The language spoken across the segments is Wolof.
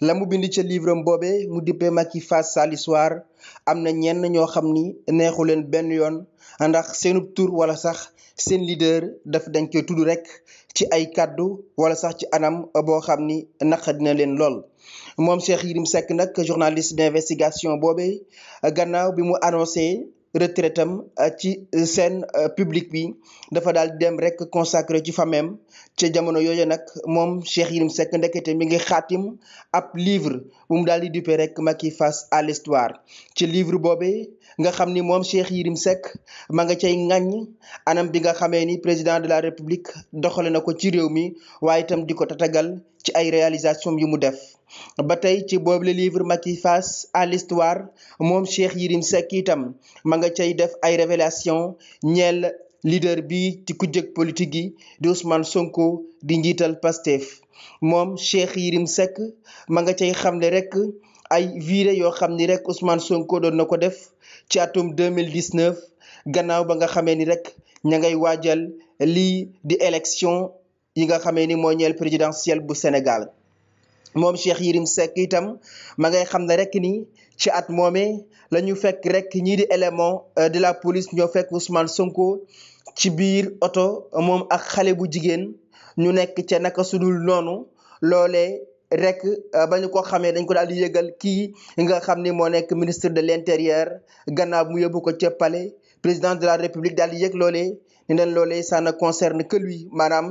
la mu bind ca livre am boobe mu dippee Macky face à l'histoire am na ñenn ñoo xam ni neexu leen benn yoon ndax seenub tur wala sax seen leader daf dañ koy tudd rek ci ay kàddu wala sax ci anam boo xam ni naqa dina leen lool moom Cheikh Yérim sekk nag journaliste d'investigation boobe gannaaw bi mu annoncé retraite am euh, ci scène euh, publique bi dafa daal di dem rek consacré ci famem ca jamono yooyu nag moom Cheikh Yérim sekk ndekete mi ngi xaatim ab livre bu mu daal di duppee rek ma ki face à l'histoire ci livre boobe nga xam ni moom Cheikh Yérim Seck ma nga cay ŋàññ anam bi nga xamee ni président de la république doxale na ko ci réew mi waaye itam di ko tatagal ci ay réalisation yu mu def ba tey ci boobu livre Macky face à l'histoire moom Cheikh Yérim Seck itam ma nga cay def ay révélation ñeel leader bi ci kujjëg politique yi di Ousmane Sonko di njiital Pastef moom Cheikh Yérim Seck ma nga cay xamle rek ay viré yoo xam ni rek Ousmane Sonko doon na ko def ci atum 2019 gannaaw ba nga xamee ni rek ña ngay waajal lii di élection yi nga xamee ni moo ñeel présidentielle bu Sénégal moom Cheikh Yérim Seck itam ma ngay xam ne rek nii ci at moomee la ñu fekk rek ñii di élément euh, de la police ñoo fekk Ousmane sunko ci biir oto moom ak xale bu jigéen ñu nekk ca naka sudul noonu loolee rek euh, ba ñu ko xamee dañ ko daal di yëgal kii nga xam ni moo nekk ministre de l'intérieur gannaaw mu yóbbu ko ca palais président de la république daal di yëg loolee ne leen loolee ça ne concerne que lui maanaam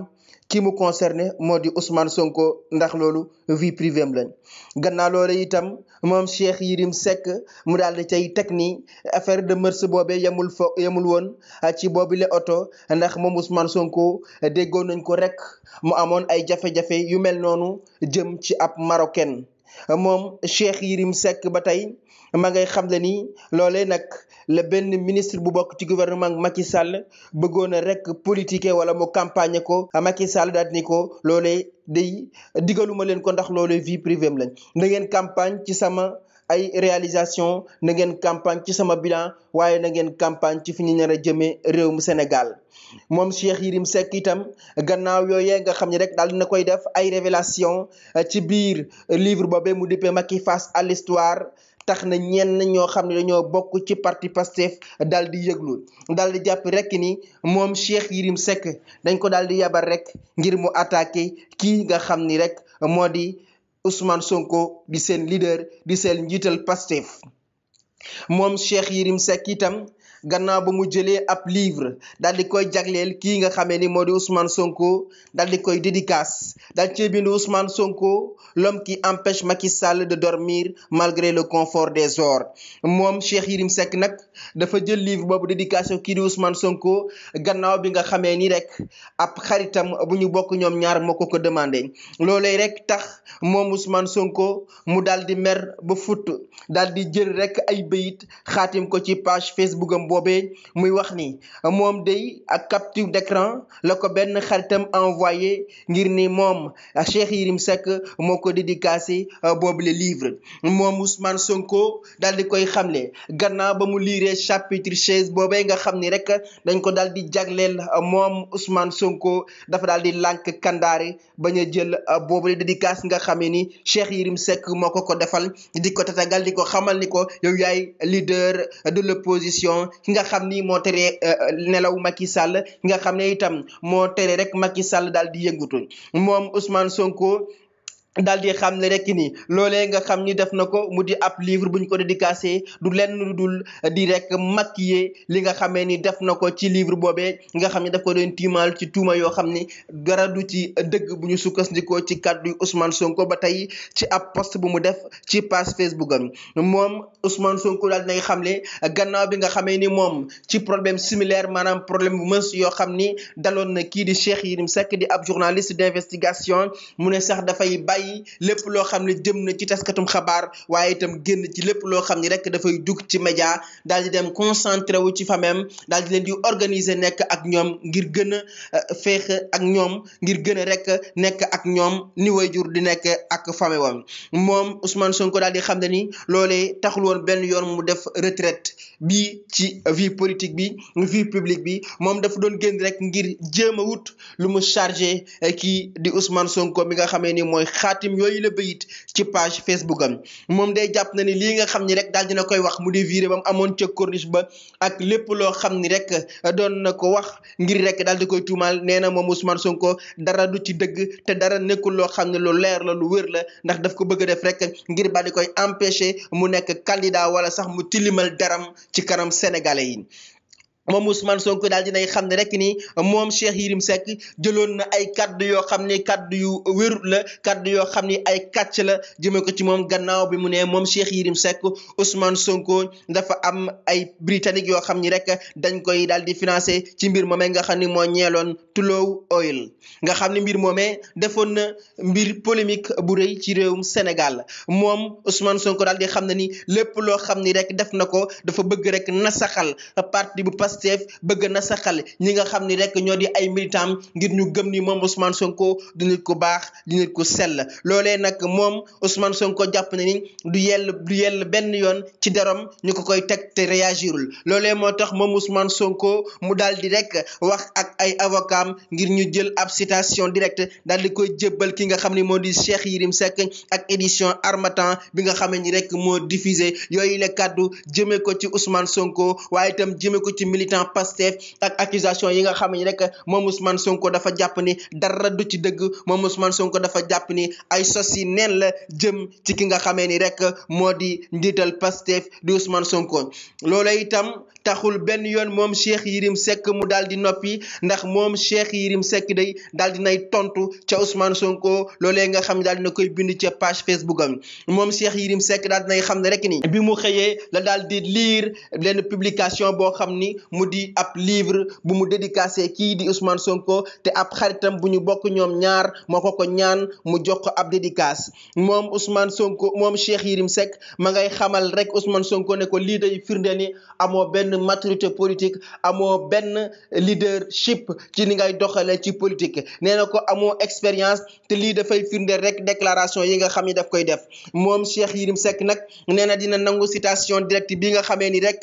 ki mu concerné moo di Ousmane Sonko ndax loolu vie privée am lañ gannaaw loolu itam moom Cheikh Yérim sekk mu daal di cay teg ni affaire de mœurs boobe yemul fo yemul woon ci boobile oto ndax moom Ousmane Sonko déggoon nañ ko rek mu amoon ay jafe-jafe yu mel noonu jëm ci ab marocain moom Cheikh Yérim sekk ba tey ma xam le ni loolee nag la benn ministre bu bokk ci gouvernement Macky Sall bëggoon a rek politique wala mu campagne ko Macky Sall daal ni ko loolee day digaluma leen ko ndax loolee vie privée am lañ na ngeen campagne ci sama ay réalisation na ngeen campagne ci sama bilan waaye na ngeen campagne ci fi ñu nar a jëmee réew mu Sénégal moom Cheikh Yérim Seck itam gannaaw yooyee nga xam ni rek daal dina koy def ay révélation ci biir livre boobee mu dippee Macky face à l'histoire tax na ñenn ñoo xam ne dañoo bokk ci parti Pastef daal di yëglu daal di jàpp rek ni moom Cheikh Yérim Seck dañ ko daal di yabal rek ngir mu attaqué kii nga xam ni rek moo di Ousmane Sonko di seen leader di seen njiital Pastef moom Cheikh Yérim Seck itam. gannaaw ba mu jëlee ab livre daal di koy jagleel kii nga xamee ni moo di Ousmane Sonko daal di koy dédicace daal cee bind Ousmane Sonko l'homme qui empêche Macky salle de dormir malgré le confort des ors moom Cheikh Yérim Seck nag dafa jël livre boobu dédication kii di Ousmane Sonko gannaaw bi nga xamee ni rek ab xaritam bu ñu bokk ñoom ñaar moo ko ko demandé loolee rek tax moom Ousmane Sonko mu dal di mer ba futt dal di jël rek ay bayit xaatim ko ci page Facebook boobee muy wax ni moom day ak capture d'écran la ko benn xaritam envoyé ngir ni moom Cheikh Yérim sekk moo ko dédicacé euh, boobu le livre moom Ousmane Sonko daal di koy xamle gannaaw ba mu liiree chapitre seize boobee nga xam ni rek dañ ko daal di jagleel euh, moom Ousmane Sonko dafa daal di lank kandaare bañ jël euh, boobu le dédicace nga xamee ni Cheikh Yérim Seck moo ko ko defal di ko tatagal di ko xamal ni ko yow yaay leader de l'opposition ki nga xam ni moo teree eh, eh, nelaw Macky Sall nga xam ne itam moo tere rek Macky Sall daal di yëngatu moom Ousmane Sonko daal di xam ne rek nii loolee nga xam ni def na ko mu di ab livre bu ñu ko dédicacé du lenn lu dul di rek maquiller li nga xamee ni def na ko ci livre boobee nga xam ni daf ko doon tiimaal ci tuuma yoo xam ni dara du ci dëgg bu ñu sukkandikoo ci kàddu Ousmane Sonko ba tey ci ab post bu mu def ci page Facebook am moom Ousmane Sonko daal di xam ne gannaaw bi nga xamee ni moom ci problème similaire maanaam problème bu mës yoo xam ni daloon na kii di Cheikh Yérim sekk di ab journaliste d'investigation mu ne sax dafay bàyyi bàyyi lépp loo xam ne jëm na ci taskatum xabaar waaye itam génn ci lépp loo xam ni rek dafay dugg ci média daal di dem concentré wu ci famem daal di leen di organiser nekk ak ñoom ngir gën a euh, feex ak ñoom ngir gën rek nekk ak ñoom ni wayjur di nekk ak fame wam moom Ousmane Sonko dal di xam ne ni loolee taxul woon benn yoon mu def retraite bi ci vie politique bi vie publique bi moom dafa doon génn rek ngir jéem a wut lu mu chargé euh, kii di Ousmane Sonko mi nga xamee ni mooy xaaj xaatim yooyu la bayit ci page Facebook am moom day jàpp na ni lii nga xam ni rek dal dina koy wax mu di viré bam amoon ca corniche ba ak lépp loo xam ni rek doon na ko wax ngir rek daal di koy tuumaal nee na moom Ousmane ko dara du ci dëgg te dara nekkul loo xam ne lu leer la lu wër la ndax daf ko bëgg a def rek ngir ba di koy empêcher mu nekk candidat wala sax mu tilimal daram ci kanam sénégalais yi moom Ousmane Sonko daal dinay xam ne rek ni moom Cheikh Yérim Seck jëloon na ay kaddu yoo xam ne kaddu yu wérut la kaddu yoo xam ni ay kàcc la jëmee ko ci moom gannaaw bi mu ne moom Cheikh Yérim Seck Ousmane Sonko dafa am ay britannique yoo xam ni rek dañ koy daal di financé ci mbir moomee nga xam ni moo ñeeloon Tullow Oil nga xam ne mbir defoon na mbir polémique bu rëy ci réewum Sénégal moom Ousmane Sonko daal di xam ne ni lépp loo xam ni rek def na ko dafa bëgg rek nasaxal parti bu Pastef bëgg na saxal ñi nga xam ni rek ñoo di ay militant ngir ñu gëm ni moom Ousmane Sonko du nit ku baax du nit ku sell loolee nag moom Ousmane Sonko jàpp na ni du yell du yell benn yoon ci deram ñu ko koy teg te réagirul loolee moo tax moom Ousmane Sonko mu daal di rek wax ak ay avocat ngir ñu jël ab citation directe daal di koy jëbal ki nga xam ni moo di Cheikh Yérim Seck ak édition Harmattan bi nga xamee ni rek moo diffusé yooyu la kàddu jëmee ko ci Ousmane Sonko waaye itam militant Pastef ak accusation yi nga xam ne rek moom Ousmane Sonko dafa jàpp ni dara du ci dëgg moom Ousmane Sonko dafa jàpp ni ay sos yi neen la jëm ci ki nga xamee ni rek moo di njiital Pastef di Ousmane Sonko loola itam taxul benn yoon moom Cheikh Yirim sekk mu daal di noppi ndax moom Cheikh Yirim Seck day daal di nay tontu ca Ousmane Sonko loolee nga xam ne daal dina koy bind ca page Facebook am moom Cheikh Yirim Seck daal dinay xam ne rek ni bi mu xëyee la daal di lire benn publication boo xam ni mu di ab livre bu mu dédicacé kii di Ousmane Sonko te ab xaritam bu ñu bokk ñoom ñaar moo ko ko ñaan mu jox ko ab dédicace moom Ousmane Sonko moom Cheikh Yérim Seck ma ngay xamal rek Ousmane Sonko ne ko lii day firnde ni amoo benn maturité politique amoo benn leadership ci ni ngay doxalee ci politique nee na ko amoo expérience te lii dafay firnde rek déclaration yi nga xam ni daf koy def moom Cheikh Yérim Seck nag nee na dina nangu citation directe bi nga xamee rek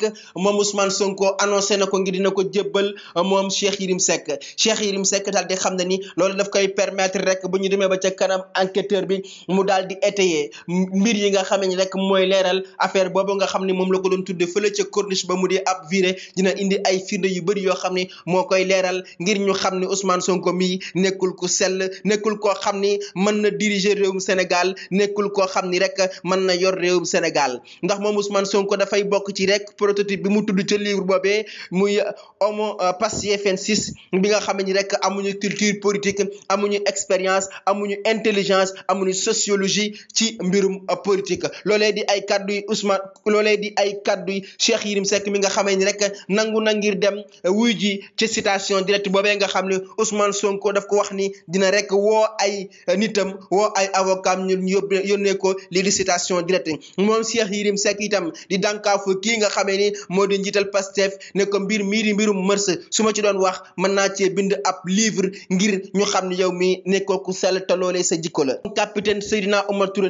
na ko ngir dina ko jébbal uh, moom Cheikh Yérim Seck Cheikh Yérim Seck daal di xam ne ni loolu daf koy permettre rek bu ñu demee ba ca kanam enquêteur bi mu daal di étayer mbir yi nga xam ne rek mooy leeral affaire boobu nga xam ne moom la ko doon tudde fële ca corniche ba mu di ab viré dina indi ay firnde yu bëri yoo xam ne moo koy leeral ngir ñu xam ne Ousmane Sonko mii nekkul ku sell nekkul koo xam ni mën na diriger réewum Sénégal nekkul koo xam ni rek mën na yor réewum Sénégal ndax moom Ousmane Sonko dafay bokk ci rek prototype bi mu tudd ca livre boobee muy homo euh, pacifiensis bi nga xam ne rek amuñu culture politique amuñu expérience amuñu intelligence amuñu sociologie ci mbirum euh, politique loolee di ay kaddu yi Ousmane loolee di ay kaddu yi Cheikh Yérim Seck mi nga xamee ni rek nangu na ngir dem euh, wuy ji ci citation directe boobee nga xam ne Ousmane Sonko def ko wax ni dina rek woo ay nitam woo ay avocat ñu yóbbu yónnee ko lii di citation directe moom Cheikh Yérim Seck itam di dànkaafu kii nga xamee ni moo di njiital Pastef ne mbir mii di mbirum mërs su ma ci doon wax mën naa cee bind ab livre ngir ñu xam ne yow mi nekkoo ku sell sa jikko la capitaine Seydina Omar Touré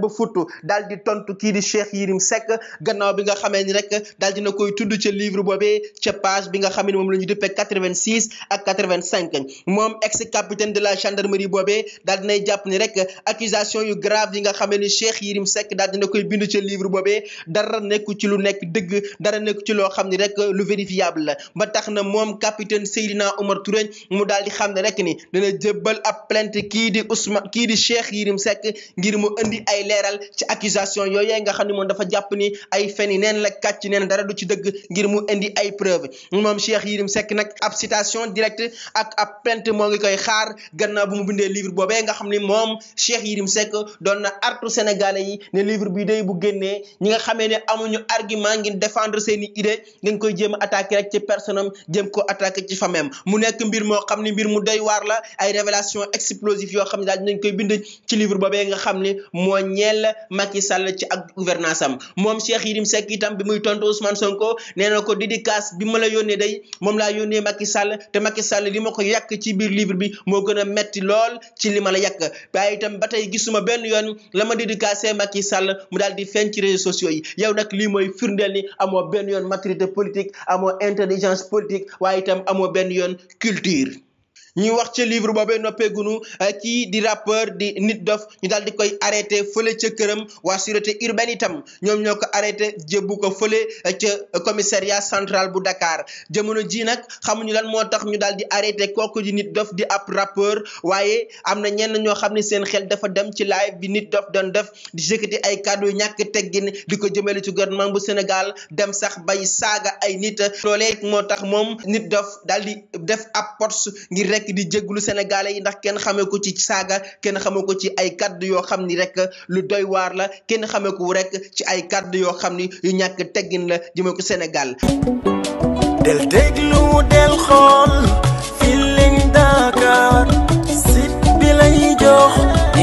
ba futt daal di tontu kii di Cheikh Yérim Seck gannaaw bi nga xamee ni rek daal dina koy tudd ca livre boobee ca page bi nga xam ne moom la ñu duppee 86 ak 85 moom ex capitaine de la gendarmerie boobee daal dinay jàpp ni rek accusation yu grave yi nga xamee ni Cheikh Yérim Seck daal dina koy boobee dara nekku ci lu nekk dëgg dara nekku ci loo xam ne rek euh, lu vérifiable la ba tax na moom capitaine Seydina Omar Touré mu daal di xam ne rek ni dana jébbal ab plainte kii di Ousmane kii di Cheikh Yérim Seck ngir mu indi ay leeral ci accusation yooyee nga xam ne moom dafa jàpp ni ay feni la kàcc neen dara du ci dëgg ngir mu indi ay preuve moom Cheikh Yérim sekk nak ab citation directe ak ab plainte moo ngi koy xaar gannaaw bu mu bindee livre boobee nga xam ne moom Cheikh Yérim Seck doon na artu sénégalais yi ne livre bi day bu génnee ñi nga xamee ne amuñu argument ngir défendre seeni idée dañ koy jéem a attaqué rek ci personne am ko attaqué ci famem mu nekk mbir moo xam ni mbir mu doy waar la ay révélation explosive yoo xam ne daal dinañ koy bind ci livre boobee nga xam ni moo ñeel Macky Sall ci ak gouvernance am moom yi Cheikh Yérim Seck itam bi muy tontu Ousmane Sonko nee na ko dédicace bi ma la yónnee day moom laa yónnee Macky Sall te Macky Sall li ma ko yàq ci biir livre bi moo gën a metti lool ci li ma la yàq waaye itam ba tey gisuma benn yoon la ma dédicacé Macky Sall mu daal di feeñ ci réseaux sociaux yi yow nag amoo benn yoon maturité politique amoo intelligence politique waaye itam amoo benn yoon culture ñuy wax ca livre boobee noppeegunu kii eh, di rappeur di nit dof ñu daal di koy arrêté fële ca këram waa sûreté urbaine itam ñoom ñoo ko arrêté jébbu ko fële eh, ca commissariat central bu Dakar jamono ji nag xamuñu lan moo tax ñu daal di arrêté kooku di nit dof di ab rappeur waaye am na ñenn ñoo xam ne seen xel dafa dem ci live bi nit dof doon def di yëkkati ay kàddu ñàkk teggin di ko jëmale ci gouvernement bu Sénégal dem sax bay saaga ay nit loolee moo tax moom nit dof daal di def ab post nekk di jégglu sénégalais yi ndax kenn xamee ko ci saaga kenn xamee ko ci ay kàdd yoo xam ni rek lu doy waar la kenn xamee ko rek ci ay kaddu yoo xam ni yu ñàkk teggin la jëmee ko Sénégal. del déglu del xool Feeling Dakar site bi lay jox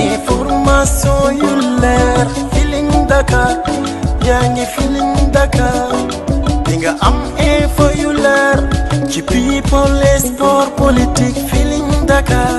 information yu leer Feeling Dakar yaa ngi Feeling Dakar di nga am info yu leer. ci people les sport politique Dakar